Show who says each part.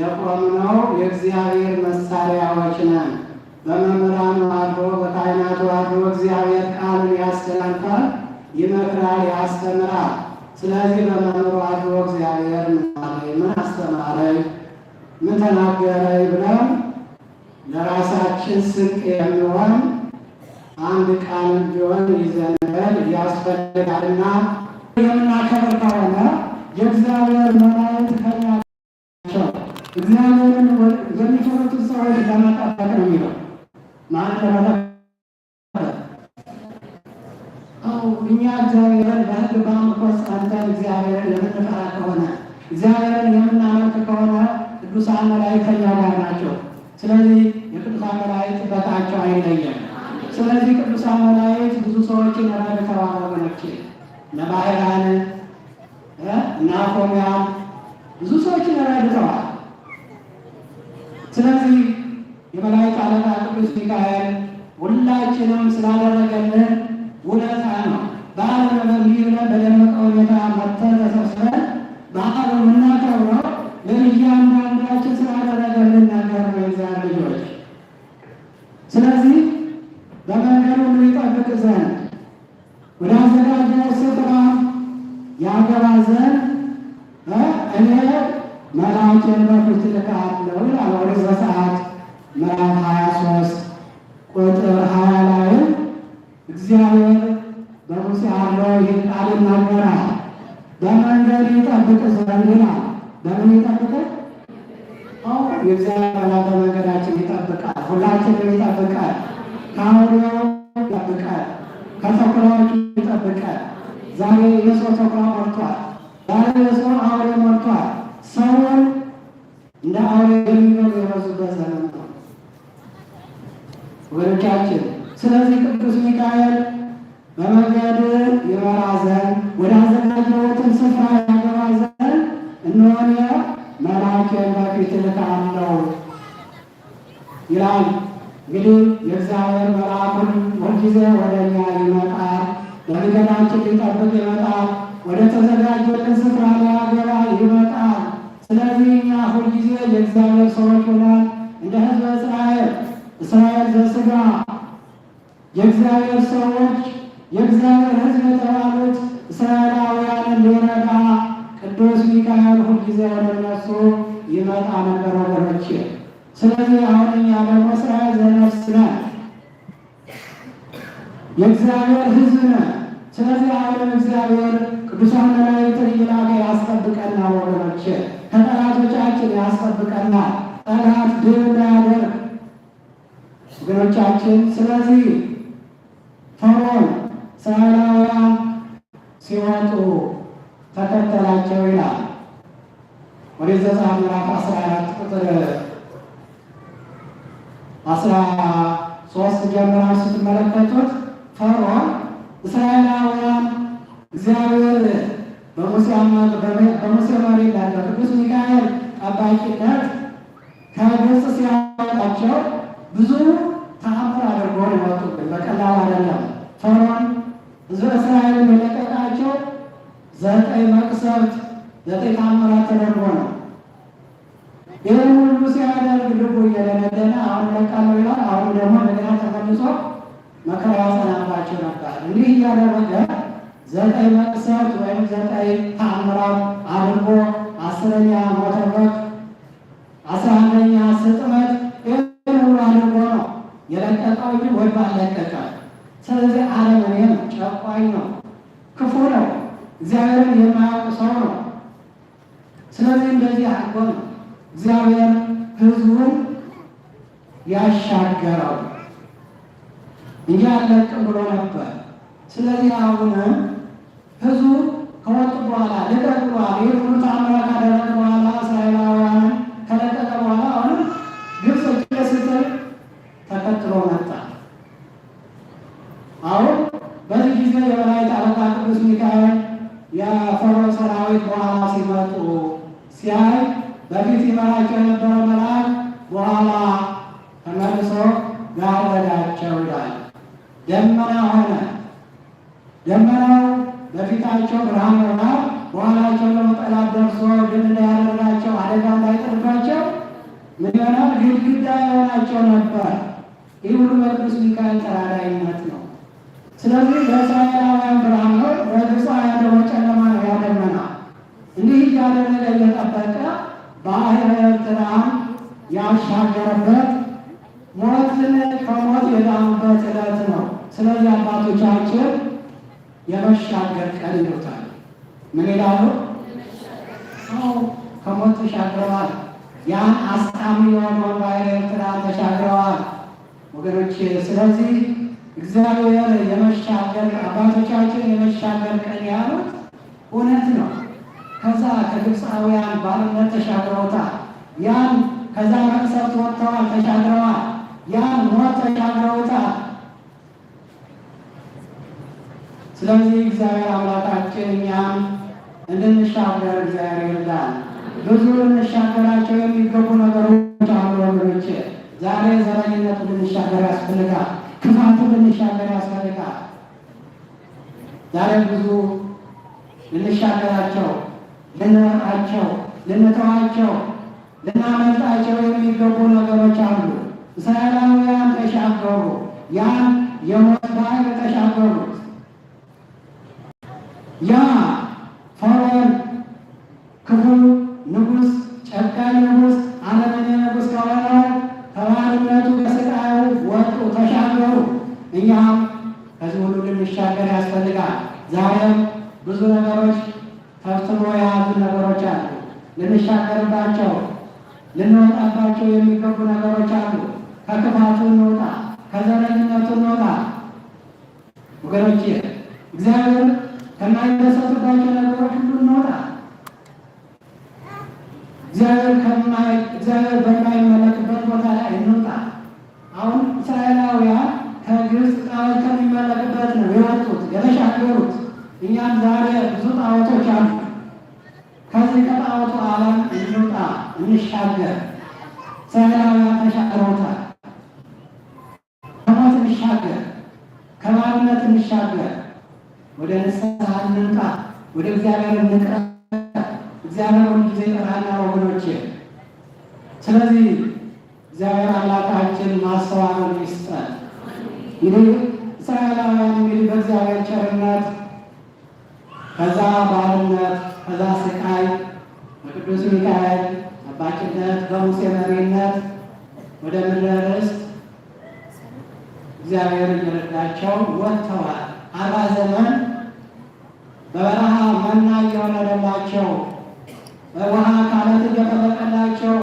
Speaker 1: የቆምነው የእግዚአብሔር መሳሪያዎች ነን። በመምህራኑ አድሮ በካህናቱ አድሮ እግዚአብሔር ቃልን ያስተላልፋል፣ ይመክራል፣ ያስተምራል። ስለዚህ በመምህሩ አድሮ እግዚአብሔር ምናለኝ፣ ምን አስተማረኝ፣ ምን ተናገረኝ ብለን ለራሳችን ስንቅ የሚሆን አንድ ቃል ቢሆን ይዘንበል ያስፈልጋልና የምናከብር ከሆነ የእግዚአብሔር መላእክት ከኛ እግዚአብሔርን የሚፈሩትን ሰዎች ለማጣፈቅ ነው የሚለው ማለት እኛ እግዚአብሔርን በሕግ በአምልኮ ጸንተን እግዚአብሔርን የምንፈራ ከሆነ እግዚአብሔርን የምናመልክ ከሆነ ቅዱሳን መላእክት ከእኛ ጋር ናቸው። ስለዚህ የቅዱሳን መላእክት በታቸው አይለየም። ስለዚህ ቅዱሳን መላእክት ብዙ ሰዎችን ረድተዋል። ወገኖቼ እነ ባሕራን እነ ብዙ ሰዎችን ረድተዋል። ስለዚህ የመላእክት አለቃ ቅዱስ ሚካኤል ሁላችንም ስላደረገልን ውለታ ነው። በዓሉን በዚህ በደመቀ ሁኔታ መጥተን ተሰብስበን በዓሉ የምናከብረው ለእያንዳንዳችን ስላደረገልን ነገር ነው። የእግዚአብሔር ልጆች ስለዚህ በመንገዱ ይጠብቅ ዘንድ ወደ አዘጋጀው ስፍራ ያገባ ዘንድ እኔ መልአኬን በፊት ልካ ይናገራል። በመንገድ ይጠብቅ ዘንድ በምን ይጠብቅ? የእግዚአብሔር በመንገዳችን ይጠብቃል። ሁላችንም ይጠብቃል። ከአውሬው ይጠብቃል። ከተኩላዎች ይጠብቃል። ዛሬ የሰው ተኩላ ሞልቷል። ዛሬ የሰው አውሬ ሞልቷል። ሰውን እንደ አውሬ የሚኖር የበዙበት ዘመን ነው ወገኖቻችን። ስለዚህ ቅዱስ ሚካኤል በመንገድ ይመራ ዘንድ ወደ አዘጋጀሁትም ስፍራ ያገባ ዘንድ እነሆነ መልአኬን በፊትህ እልካለሁ ይላል። እንግዲህ የእግዚአብሔር መልአኩን ሁልጊዜ ወደ እኛ ይመጣል፣ በመንገዳችን ሊጠብቅ ይመጣል፣ ወደ ተዘጋጀልን ስፍራ ሊያገባ ይመጣል። ስለዚህ እኛ ሁልጊዜ የእግዚአብሔር ሰዎች ሆናል እንደ ሕዝበ እስራኤል እስራኤል ዘስጋ የእግዚአብሔር ሰዎች የእግዚአብሔር ሕዝብ የተባሉት እስራኤላውያን እንዲረዳ ቅዱስ ሚካኤል ሁልጊዜ ወደ እነሱ ይመጣ ነበር ወገኖች። ስለዚህ አሁን እኛ ደግሞ እስራኤል ዘነፍስ ነን፣ የእግዚአብሔር ሕዝብ ነን። ስለዚህ አሁንም እግዚአብሔር ቅዱሳን መላእክትን እየላከ ያስጠብቀና ወገኖች፣ ከጠላቶቻችን ያስጠብቀና ጠላት ድል እንዳያደርግ ወገኖቻችን። ስለዚህ ፈሮን ሳህላውያን ሲወጡ ተከተላቸው ይላል። ኦሪት ዘጸአት ምዕራፍ 14 ቁጥር 13 ጀምራችሁ ስትመለከቱት ፈርዖን እስራኤላውያን እግዚአብሔር በሙሴ በሙሴ መሪ እንዳለው ቅዱስ ሚካኤል ጠባቂነት ከግብፅ ሲያወጣቸው ብዙ ተአምር አድርጎ ነው የወጡብን። በቀላል አይደለም ፈርዖን ሕዝበ እስራኤል በመቀጣቸው ዘጠኝ መቅሰፍት ዘጠኝ ታምራት ተደርጎ ነው። ይህን ሁሉ ሲያደርግ ልቡ እየደነደነ አሁን ለቃሉ ይላል። አሁን ደግሞ እንደገና ተመልሶ መከራ ያጸናባቸው ነበር። እንዲህ እያደረገ ዘጠኝ መቅሰፍት ወይም ዘጠኝ ታምራት አድርጎ አስረኛ ሞተበት አስራ አንደኛ ስጥመ አይደለም ህዝቡን ያሻገረው እንጂ አለቅም ብሎ ነበር። ስለዚህ አሁን ህዝቡ ከወጡ በኋላ ልቀቅ በኋላ ይህ ሁሉ ተአምራት ካደረገ በኋላ እስራኤላውያን ከለቀቀ በኋላ አሁንም ግብፅ ስትል ተከትሎ መጣ። አሁን በዚህ ጊዜ የበላይ አለቃ ቅዱስ ሚካኤል የፈርዖን ሰራዊት በኋላ ሲመጡ ሲያይ በፊት ይመራቸው የነበረው መልአክ በኋላ ተመልሶ ጋረዳቸው ይላል። ደመና ሆነ። ደመናው በፊታቸው ብርሃን ሆና በኋላቸው ደግሞ ጠላት ደርሶ ድል እንዳያደርጋቸው አደጋ እንዳይጠርፋቸው ምን ይሆናል? ግድግዳ የሆናቸው ነበር። ይህ ሁሉ በቅዱስ ሚካኤል ተራዳኢነት ነው። ስለዚህ ለእስራኤላውያን ብርሃን ነው፣ ለግብፃውያን ደግሞ ጨለማ ነው። ያደመና እንዲህ እያደረገ እየጠበቀ ባህረ ኤርትራ ያሻገረበት ሞትን ከሞት የዳኑበት ዕለት ነው። ስለዚህ አባቶቻችን የመሻገር ቀን ይሉታል። ምን ይላሉ? ሰው ከሞት ተሻግረዋል። ያን አስታሚ የሆነውን ባህረ ኤርትራን ተሻግረዋል ወገኖች። ስለዚህ እግዚአብሔር የመሻገር አባቶቻችን የመሻገር ቀን ያሉት እውነት ነው። ከዛ ከግብፃውያን ባርነት ተሻግረውታል። ያን ከዛ መቅሰፍት ወጥተዋል፣ ተሻግረዋል። ያን ሞት ተሻግረውታል። ስለዚህ እግዚአብሔር አምላካችን እኛም እንድንሻገር እግዚአብሔር ይርዳል። ብዙ ልንሻገራቸው የሚገቡ ነገሮች አሉ ወገኖች። ዛሬ ዘረኝነቱ ልንሻገር ያስፈልጋል። ክፋቱ ልንሻገር ያስፈልጋል። ዛሬ ብዙ ልንሻገራቸው ልንርቃቸው፣ ልንተዋቸው፣ ልናመልጣቸው የሚገቡ ነገሮች አሉ። እስራኤላውያን ተሻገሩ፣ ያን የሞት ባህር ተሻገሩ። ልናጠፋቸው የሚገቡ ነገሮች አሉ። ከክፋቱ እንውጣ፣ ከዘረኝነቱ እንውጣ። ወገኖች እግዚአብሔር ከማይደሰትባቸው ነገሮች ሁሉ እንውጣ። እግዚአብሔር ከማይ እግዚአብሔር እስራኤላውያን ተሻግረውታል። ከሞት እንሻገር፣ ከባርነት እንሻገር፣ ወደ ንስሐ እንምጣ፣ ወደ እግዚአብሔር እንቅረብ። እግዚአብሔር ሁልጊዜ ይጠራና ወገኖቼ። ስለዚህ እግዚአብሔር አምላካችን ማስተዋሉን ይስጠን። እንግዲህ እስራኤላውያን እንግዲህ በእግዚአብሔር ቸርነት ከዛ ባርነት ከዛ ስቃይ በቅዱስ ሚካኤል በአባትነት በሙሴ መሪነት ወደ ምድረ ርስት እግዚአብሔር እየረዳቸው ወጥተዋል። አርባ ዘመን በበረሃ መና እየሆነ ደላቸው በውሃ ካለት እየፈለቀላቸው